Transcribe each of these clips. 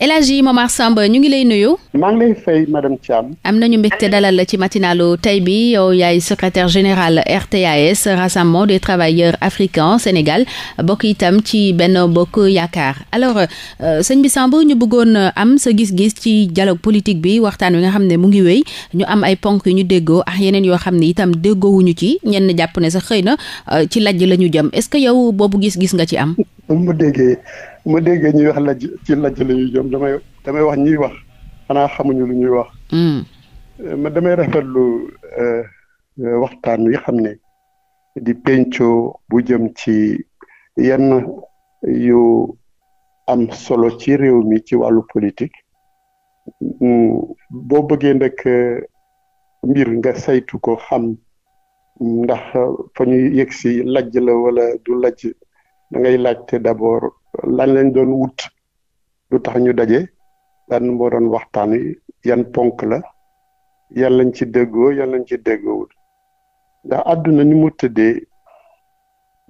El Hadji Momar Samb ñu ngi lay nuyu. maa ngi lay fay madame am nañu mbégte dalal la ci matinalu tey bi yow yaay secretaire général RTAS rassemblement des travailleurs africains Sénégal bokk itam ci benn bokk yaakaar alors euh, sëñ bi Samb ñu bëggoon am sa gis-gis ci dialogue politique bi waxtaan wi nga xam ne mu ngi wéy ñu am ay ponk yu ñu déggoo ak yeneen yoo xam ne itam déggoowuñu ci ñenn jàpp ne sax xëy na euh, ci lajj la ñu jëm est-ce que yow boobu gis-gis nga ci am. bu déggee. bu ma déggee ñuy wax lajj ci lajj la ñuy jëm damay damay wax ñuy wax xanaa xamuñu lu ñuy wax. Hmm. Euh, ma damay rafetlu euh, waxtaan wi xam ne di penco bu jëm ci yenn yu am solo ci réew mi ci wàllu politique boo bëggee ndek mbir nga saytu ko xam ndax fa ñuy yegg si lajj la wala du lajj da ngay laajte d'abord. lañ lañ doon wut lu tax ñu daje lan moo doon waxtaan wi yan ponk la yan lañ ci déggoo yan lañ ci déggoowul ndax àdduna ni mu tëddee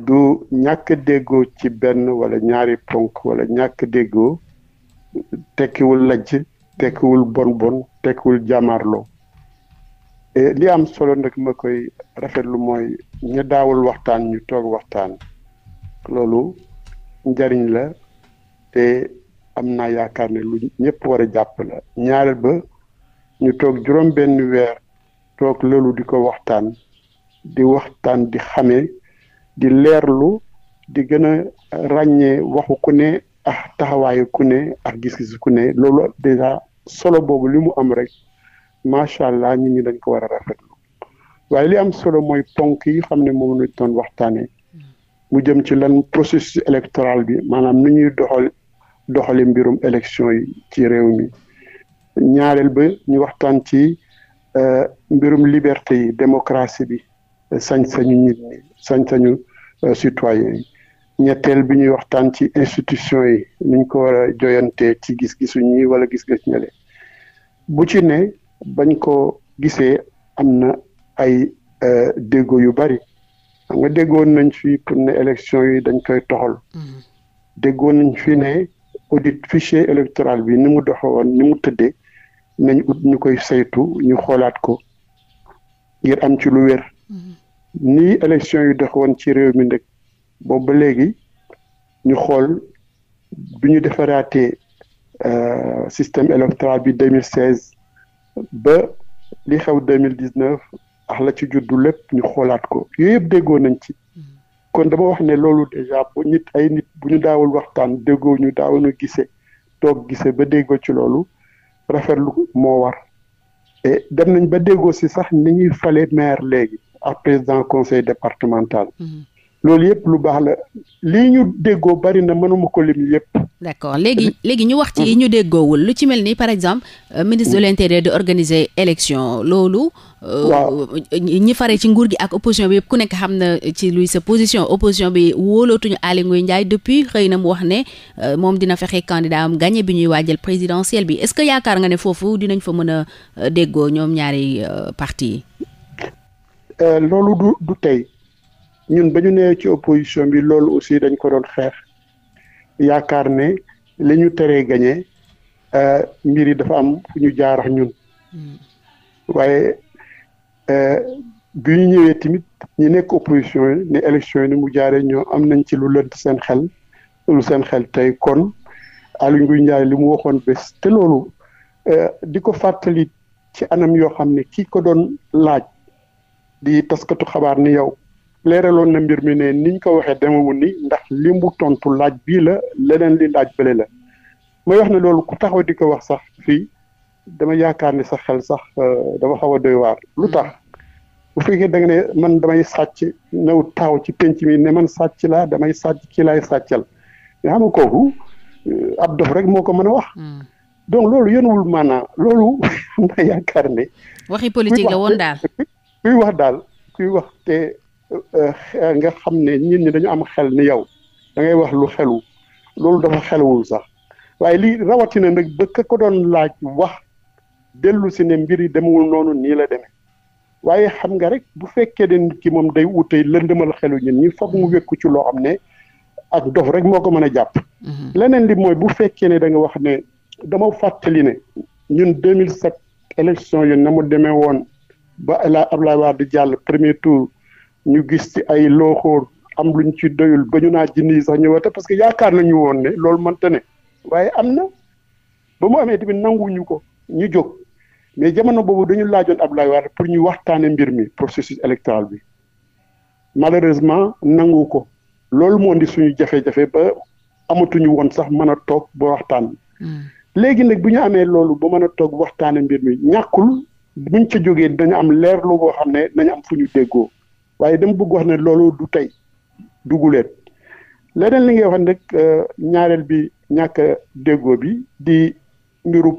du ñàkk déggoo ci benn wala ñaari ponk wala ñàkk déggoo tekkiwul lajj tekkiwul bon bon tekkiwul jàmmaarloo li am solo nag ma koy rafetlu mooy ñu daawul waxtaan ñu toog waxtaan loolu njariñ la te am na yaakaar ne lu ñëpp war a jàpp la ñaareel ba ñu toog juróom benn weer toog loolu di ko waxtaan di waxtaan di xamee di leerlu di gën a ràññee waxu ku ne ak ah taxawaayu ku ne ak ah gis-gis ku ne loolu déjà solo boobu li mu am rek macha allah ñun ñu dañ ko war a rafetlu waaye li am solo mooy ponk yi xam ne moom lañ doon waxtaanee mu jëm ci lan processus électoral bi maanaam nu ñuy doxal doxali mbirum élection yi ci réew mi ñaareel ba ñuy waxtaan ci euh, mbirum liberté yi démocratie bi sañ-sañu nit ñi sañ-sañu euh, citoyen yi ñetteel bi ñuy waxtaan ci institution yi nuñ ko war a joyante ci gis gisuñ ñi wala gis-gis ñale bu ci ne bañ ko gisee am na ay euh, déggoo yu bari xam nga déggoon nañ fi pour ne élection yi dañ koy toxal hmm. déggoon nañ fi ne audit fichier électoral bi ni mu doxewoon ni mu tëddee nañ ut ñu koy saytu ñu xoolaat ko ngir am ci lu wér hmm. nii élection yi doxewoon ci réew mi nag boobu ba léegi ñu xool bi ñu defaraatee euh, système électoral bi 2016 ba li xew 2019 ak la ci juddu lépp ñu xoolaat ko yooyu yëpp déggoo nañ ci mm-hmm. kon dama wax ne loolu déjà bu nit ay nit bu ñu daawul waxtaan déggoo ñu daawuñu gisee toog gisee ba déggoo ci loolu rafetlu moo war et dem nañ ba déggoo si sax ni ngi fale maire léegi ak président conseil départemental. Mm-hmm. loolu yëpp lu baax la lii ñu déggoo bari na mënuma ko lim yëpp. d'accord léegi léegi ñu wax ci ñu déggoowul lu ci mel ni par exemple. Euh, ministre de l'intérieur di organiser élection loolu. Euh, waaw ñi fare ci nguur gi ak opposition bi yëpp ku nekk xam na ci luy sa position opposition bi wóolootuñu Aly Ngouille Ndiaye depuis xëy na mu wax ne euh, moom dina fexe candidat am gagné bi ñuy waajal présidentielle bi est-ce que yaakaar nga ne foofu dinañ fa mën a déggoo ñoom ñaari parti yi. loolu du ñun bañu ñu ci opposition bi loolu aussi dañ ko doon xeex yaakaar ne li ñu teree gañe euh, mbir yi dafa am fu ñu jaarax ñun hmm. waaye euh, bi ñu ñëwee tamit ñu nekk opposition yi ne élection yi ni mu jaaree ñoo am nañ ci lu lënt seen xel lu seen xel tey kon Aly Ngouille Ndiaye li mu waxoon bés te loolu euh, di ko fàttali ci anam yoo xam ne kii ko doon laaj di taskatu xabaar ni yow leeraloon na mbir mi ne niñ ko waxee demewul ni ndax li mu tontu laaj bii la leneen li laaj bële la may wax ne loolu ku taxaw di ko wax sax fii dama yaakaar ni sa xel sax euh, dafa xaw a doy waar lu tax mm-hmm. bu fekkee da nga ne man damay sàcc new taw ci penc mi ne man sàcc laa damay sàcc kii laay sàccal mais xam nga kooku euh, ab dof rek moo ko mën a wax mm. donc loolu yënuwul maanaa loolu ma yaakaar ne waxi politique la woon daal kuy wax daal kuy wax te Euh, nga xam ne nit ñi dañu am xel ni yow da ngay wax lu xelu loolu dafa xelwul sax waaye lii rawatina nag ba ka ko doon laaj wax dellu si ne mbir yi demewul noonu nii la demee waaye xam nga rek bu fekkee ne nit ki moom day utey lëndëmal xelu ñun ñi foog mu wékku ci loo xam ne ak dof rek moo ko mën a jàpp. Mhm. leneen li mooy bu fekkee ne da nga wax ne dama fàttali ne ñun 2007 élection yi na mu demee woon ba la Abdoulaye du jàll premier tour. ñu gis ci ay looxoor am luñ ci doyul ba ñu naa jinni sax ñëwaat parce que yaakaar nañu woon ne loolu mënta ne waaye am na ba mu amee tamit nanguwuñu ko ñu jóg mais jamono boobu dañu laajoon Abdoulaye Wade pour ñu waxtaanee mbir mi processus électoral bi malheureusement nangu ko loolu moo di suñu jafe-jafe ba amatuñu woon sax mën a toog ba waxtaan. Hmm. léegi nag bu ñu amee loolu ba mën a toog waxtaanee mbir mi ñàkkul buñ ca jógee dañu am leer lu boo xam ne nañu am fu ñu waaye dama bëgg wax na loolu du tey duguleet leneen li ngay wax nag euh, ñaareel bi ñàkk déggoo bi di mbiru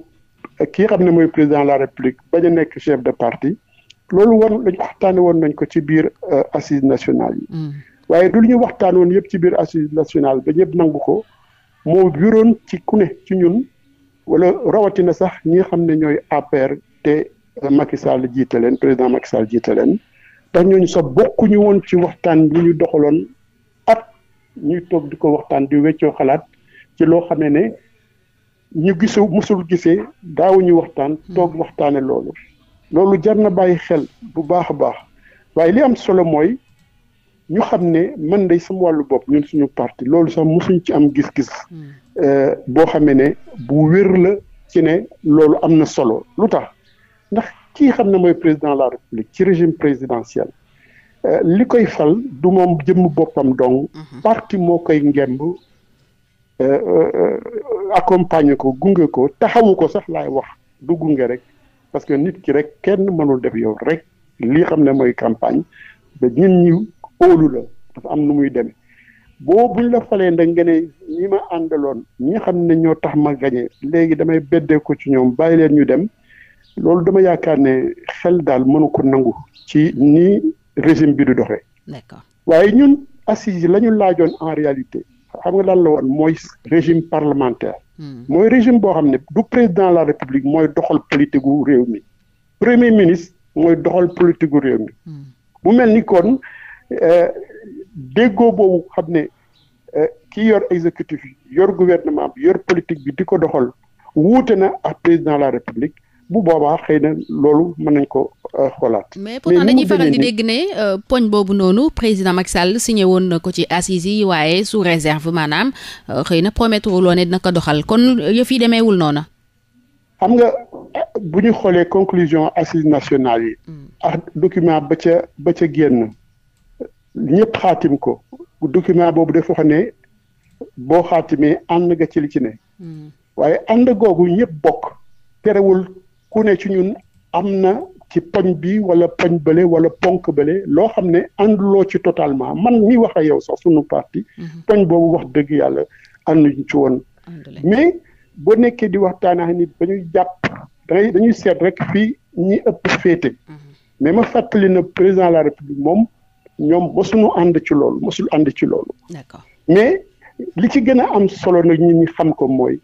euh, kii xam ne mooy président la république bañ a nekk chef de parti loolu woon lañu waxtaane woon nañ ko ci biir euh, assise nationale yi mm. waaye du lu ñu waxtaan woon yëpp ci biir assise nationale ba ñëpp nangu ko moo buroon ci ku ne ci ñun wala rawatina sax ñi xam ne ñooy APR te Macky Sall jiite leen président Macky Sall jiite leen te ñooñu sax bokkuñu woon ci waxtaan bu ñu doxaloon at ñuy toog di ko waxtaan di weccoo xalaat ci loo xamee ne ñu gisu musul gisee daawuñu waxtaan hmm. toog waxtaane loolu loolu jar na bàyyi xel bu baax a baax waaye li am solo mooy ñu xam ne man day sama wàllu bopp ñun suñu parti loolu sax musuñ ci am gis-gis hmm. eh, boo xamee ne bu wér la ci ne loolu am na solo lu tax ndax kii xam ne mooy président la république ci régime présidentiel euh, li koy fal du moom jëmm boppam donc mhm. parti moo koy ngemb euh, euh, accompagner ko gunge ko taxawu ko sax laay wax du gunge rek parce que nit ki rek kenn mënul def yow rek li xam ne mooy campagne ba ñun ñi óolu la dafa am nu muy demee boo buñ la falee nag nga ne ñi ma àndaloon ñi xam ne ñoo tax ma gañe léegi damay beddee ko ci ñoom bàyyi leen ñu dem. loolu dama yaakaar ne xel daal mënu ko nangu ci ni régime bi du doxe d'accord waaye ñun assises yi la ñu laajoon en réalité xam nga lan la woon mooy régime parlementaire. Hmm. mooy régime boo xam ne du président la république mooy doxal politique gu réew mi premier ministre mooy doxal politique gu réew mi. Hmm. mu mel ni kon euh, déggoo boobu xam ne euh, ki yor exécutif yor gouvernement bi yor politique bi di ko doxal wuute na ak président la république. bu boobaa xëy na loolu mën nañ ko euh, xoolaat. mais pourtant dañuy faral di dégg ne euh, poñ boobu noonu président Macky Sall signé woon na ko ci assises yi waaye sous réserve maanaam euh, xëy na promettre loo ne dina ko doxal kon yëf yi demeewul noonu. xam nga bu ñu xoolee conclusion assises nationale yi. Hmm. ak document ba ca ba ca génn. ñëpp xaatim ko document boobu def xam ne boo xaatimee ànd nga ci li ci ne. Hmm. waaye ànd googu ñëpp bokk terewul ku ne ci ñun am na ci poñ bi wala poñ bële wala ponk bële loo xam ne loo ci totalement man mi wax a yow sox sunu parti. Mhm. poñ boobu wax dëgg yàlla ànduñ ci woon. mais boo nekkee di waxtaanee nit ba ñuy jàpp dangay dañuy seet rek fii ñi ëpp féete. Mhm. mais ma fàttali na président de la république moom ñoom mosuñu ànd ci loolu mosul ànd ci loolu. mais li ci gën a am solo nag ñi ñu xam ko mooy.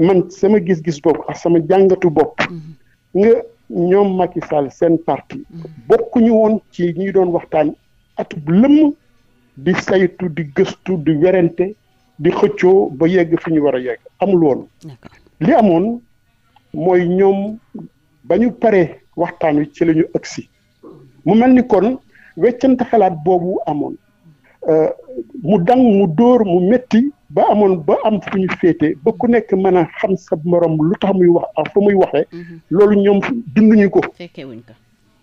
man sama gis-gis bopp ak sama jàngatu bopp mhm. nga ñoom Macky Sall seen parti mhm. bokkuñu woon ci ñi doon waxtaan atub lëmm di saytu di gëstu di werante di xëccoo ba yegg fi ñu war a yegg amul woon li amoon mooy ñoom ba ñu paree waxtaan wi ci lañu ñu agsi mu mel ni kon weccante xalaat boobu amoon euh, mu dang mu dóor mu metti ba amoon ba am fu ñu féete ba ku nekk mën xam sa morom lu tax muy wax ak fu muy waxee. Mhm. loolu ñoom dunduñu ko. fekkewuñ ko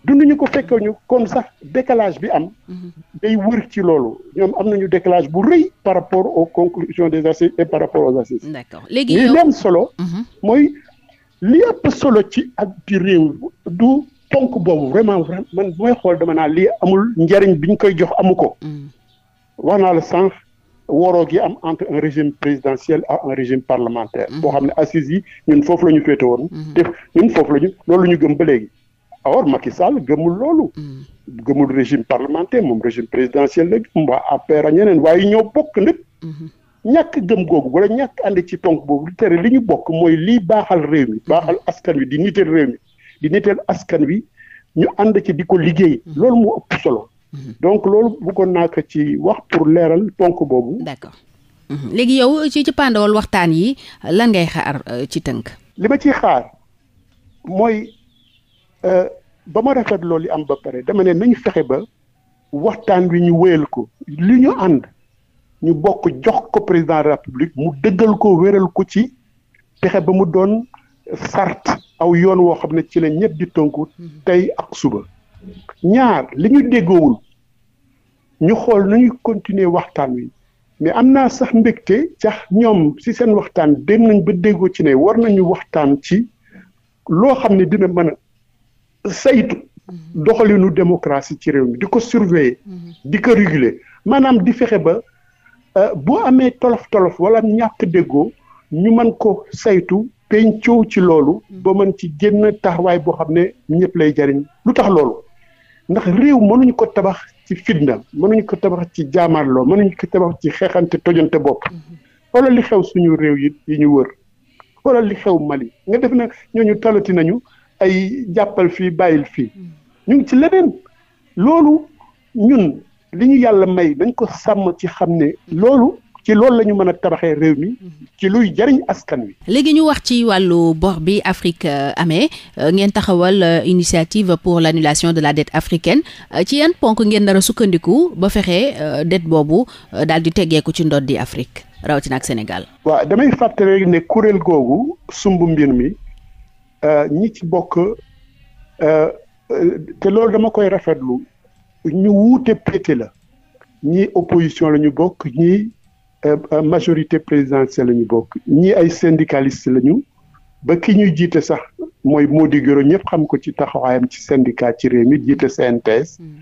dunduñu ko fekkewuñu kon sax décalage bi am. Mhm. day wër ci loolu ñoom am nañu décalage bu rëy par rapport aux conclusions des assises et par rapport aux assises. d'accord léegi li am solo. Mhm. mooy li ëpp solo ci ak di du ponk boobu vraiment vraiment man mooy xool dama naa lii amul njariñ biñ koy jox amu ko. wax naa la sànq waroo gi am entre un régime présidentiel à un régime parlementaire. Mhm. boo xam ne assises yi ñun foofu la ñu féete woon. te mhm. ñun foofu la ñu loolu ñu gëm ba léegi. or Macky Sall gëmul loolu. Mhm. gëmul régime parlementaire moom régime présidentiel la gëm waa APR ak ñeneen waaye ñoo bokk nag. ñàkk gëm googu wala ñàkk ànd ci tonk boobu tere li ñu bokk mooy lii baaxal réew mi. baaxal askan wi di niteel réew mi di niteel askan wi ñu ànd ci di ko liggéey. loolu moo ëpp solo. Mhm. donc loolu bëggoon naa ko ci wax pour leeral tonk boobu. d'accord mhm. léegi yow ci ci pàndawal waxtaan yi lan ngay xaar euh, ci tënk. li ma ci xaar mooy euh, ba ma rafet loolu am ba pare dama ne nañu fexe ba waxtaan wi ñu wéyal ko li ñu ànd ñu bokk jox ko président république mu dëggal ko wéral ko ci fexe ba mu doon sart aw yoon woo xam ne ci la ñëpp di tënku mhm. tey ak suba. ñaar li ñu déggoowul ñu xool nañu continuer waxtaan wi mais am naa sax mbégte sax ñoom ci seen waxtaan dem nañ ba déggoo ci ne war nañu waxtaan ci loo xam ne dina mën a saytu mhm. doxalinu démocratie ci réew mi di ko surveiller mhm. di ko réguler maanaam di fexe ba euh, bu amee tolof tolof wala ñàkk déggoo ñu mën ko saytu pencoo ci loolu mhm. ba mën ci génn taxawaay boo xam ne ñëpp lay jariñ lu tax loolu ndax réew mënuñu ko tabax ci fitna mënuñu ko tabax ci jaamarloo mënuñu ko tabax ci xeexante tojante bopp wala li xew suñu réew yi yi ñu wër wala li xew Mali nga def nag ñooñu talati nañu ay jàppal fii bàyyil fii ñu ngi ci leneen loolu ñun li ñu yàlla may dañ ko sàmm ci xam ne loolu ci loolu la ñu mën a tabaxee réew mi mhm. ci luy jariñ askan wi. léegi ñu wax ci wàllu bor bi Afrique euh, amee euh, ngeen taxawal euh, initiative pour l' de la dette africaine ci yan ponk ngeen nar a sukkandiku ba fexe dette boobu daal di teggeeku ci di Afrique rawatina ak Sénégal. waaw damay fàttali rek ne kuréel googu sumb mbir mi ñi ci bokk te loolu dama koy rafetlu ñu wuute pété la ñii opposition la ñu bokk ñii. Euh, euh, majorité présidentielle la ñu bokk ñii ay syndicaliste lañu ba ki ñuy jiite sax mooy Mody Guiro ñëpp xam ko ci taxawaayam ci syndicat ci réew mi jiite CNTS hmm.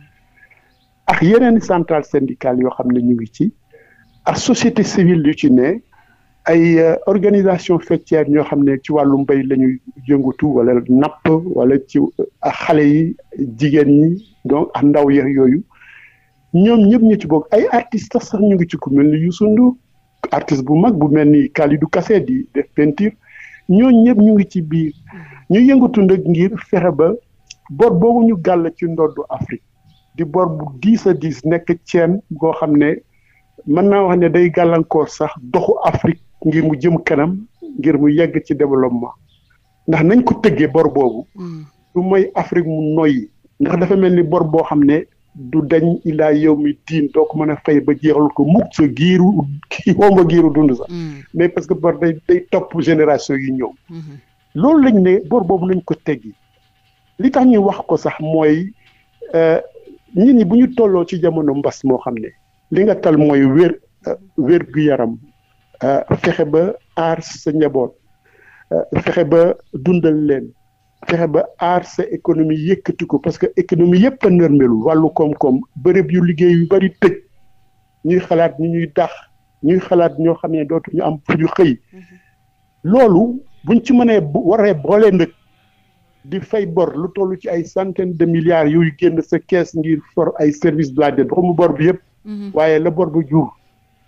ak yeneen centrale syndicale yoo xam ne ñu ngi ci ak société civile yu ci ne ay euh, organisation faîtière ñoo xam ne ci wàllu mbay lañuy ñuy yëngatu wala napp wala ci ak xale yi jigéen ñi donc ak ndaw yeeg yooyu ñoom ñëpp ñu ci bokk ay artistes sax ñu ngi ci ku mel ni yu Ndour artiste bu mag bu mel ni Kalidou Kassé di def peinture ñooñu ñëpp ñu ngi ci biir ñu yëngatu nag ngir fexe ba bor boobu ñu gàll ci ndoddu Afrique di bor bu diis a diis nekk ceen goo xam ne mën naa wax ne day gàllankoor sax doxu Afrique ngir mu jëm kanam ngir mu yegg ci développement ndax nañ ko tëggee bor boobu. Mm. du mooy Afrique mu noyyi. ndax dafa mel ni bor boo xam ne. du dañ laa yow mi diin doo ko mën a fay ba jeexal ko mukk sa giiru kii womba giiru dund sax mm. mais parce que bor day day topp génération yi ñëw mm-hmm. loolu lañ ne bor boobu nañ ko teggi li tax ñuy wax ko sax mooy euh, nit ñi bu ñu tolloo ci jamono mbas moo xam ne li nga tal mooy wér euh, wér gu yaram euh, fexe ba aar sa njaboot fexe ba dundal leen fexe ba aar sa économie yëkkati ko parce que économie yëpp a nërmelu wàllu koom-koom bërëb yu liggéey yu bari tëj ñuy xalaat ñu ñuy dax ñuy xalaat ñoo xam ne dootuñu am fu ñu xëy mm-hmm. loolu buñ ci mënee waree boole nag di fay bor lu toll ci ay centaine de milliards yuy génn sa kees ngir for ay service de la dette xamu bor bi yëpp mm-hmm. waaye la bor ba jur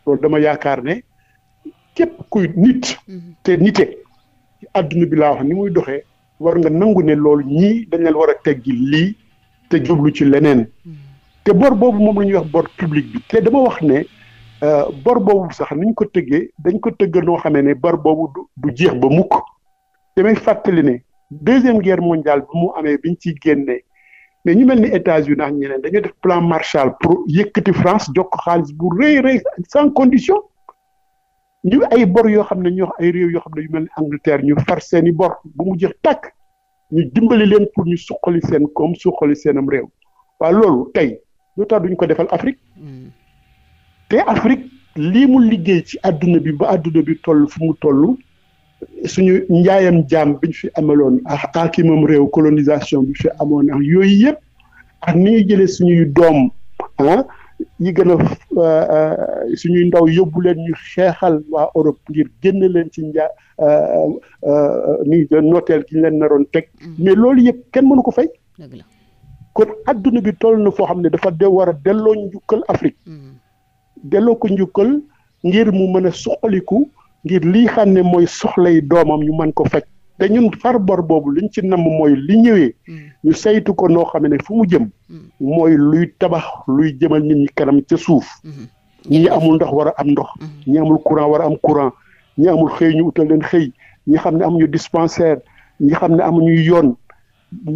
loolu dama yaakaar ne képp kuy nit mm-hmm. te nite ci àdduna bi laa wax ni muy doxee war nga nangu ne loolu ñii dañ leen war a teggi lii te jublu ci leneen te bor boobu moom la ñuy wax bor publique bi te dama wax ne euh, bor boobu sax niñ ko tëggee dañ ko tëgg noo xamee ne bar boobu du jeex ba mukk damay fàttali ne deuxième guerre mondiale bi mu amee biñ ciy génnee mais ñu mel ni États-Unis ak ñeneen dañoo def plan Marshall pour yëkkati France jox xaalis bu rëy rëy sans condition ñu ay bor yoo xam ne ñu ay réew yoo xam ne yu mel ni Angleterre ñu far seen i bor bu mu jeex tàkk ñu dimbali leen pour ñu suqali seen koom suqali seenam réew waaw loolu tey lu tax duñ ko defal Afrique hmm. te Afrique lii mu liggéey ci àdduna bi ba àdduna bi toll fu mu toll suñu njaayam jaam biñ fi amaloon ak akimam réew colonisation bi fi amoon yooyu yëpp ak ni ñu jëlee suñuy doom ah, yi gën a euh, euh, suñuy ndaw yóbbu leen ñu xeexal waa Europe ngir génn leen ci njaa euh, ni nooteel gi ñu leen naroon teg mm. mais loolu yëpp kenn mënu ko fay kon adduna bi toll na foo xam ne dafa de war a delloo njukkal Afrique mm. delloo ko njukkal ngir mu mën a suqaliku ngir lii xam ne mooy soxlay doomam ñu mën ko faj te ñun far bor boobu liñ ci namm mooy li ñëwee mm. ñu saytu ko noo xam ne fu mu jëm mm. mooy luy tabax luy jëmal nit ñi kanam ca suuf mm-hmm. ñi amul ndox war a am ndox mm-hmm. ñi amul courant war a am courant ñi amul xëy ñu utal leen xëy ñi xam ne amuñu dispensaire ñi xam ne amuñu yoon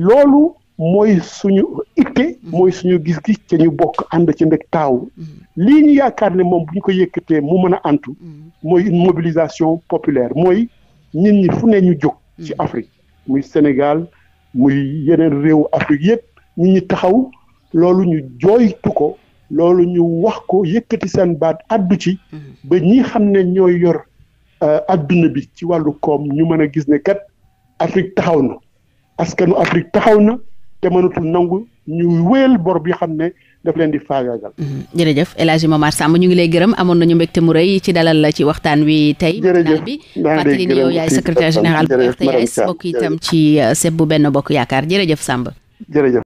loolu mooy suñu itte mm-hmm. mooy suñu gis-gis ca ñu bokk ànd ci ndek taaw lii ñu yaakaar ne moom bu ñu ko yëkkatee mu mën a antu mooy une mobilisation populaire mooy nit ñi fu ne ñu jóg ci Afrique muy Sénégal muy yeneen réew Afrique yëpp ñu ñu taxaw loolu ñu jooytu ko loolu ñu wax ko yëkkati seen baat addu ci mhm. ba ñi xam ne ñooy yor euh, adduna bi ci wàllu koom ñu mën a gis ne kat Afrique taxaw na askanu Afrique taxaw na te mënatul nangu ñuy wéyal bor bi xam ne daf leen di faagaagal. Mm-hmm. jërëjëf El Hadji Momar Samb ñu ngi lay gërëm amoon nañu mbégte mu rëy ci dalal la ci waxtaan wi tey. jërëjëf bi fàttali ni yow yaay secrétaire général bu RTS bokk itam ci euh, seb bu benn bokk yaakaar jërëjëf Samb. jërëjëf.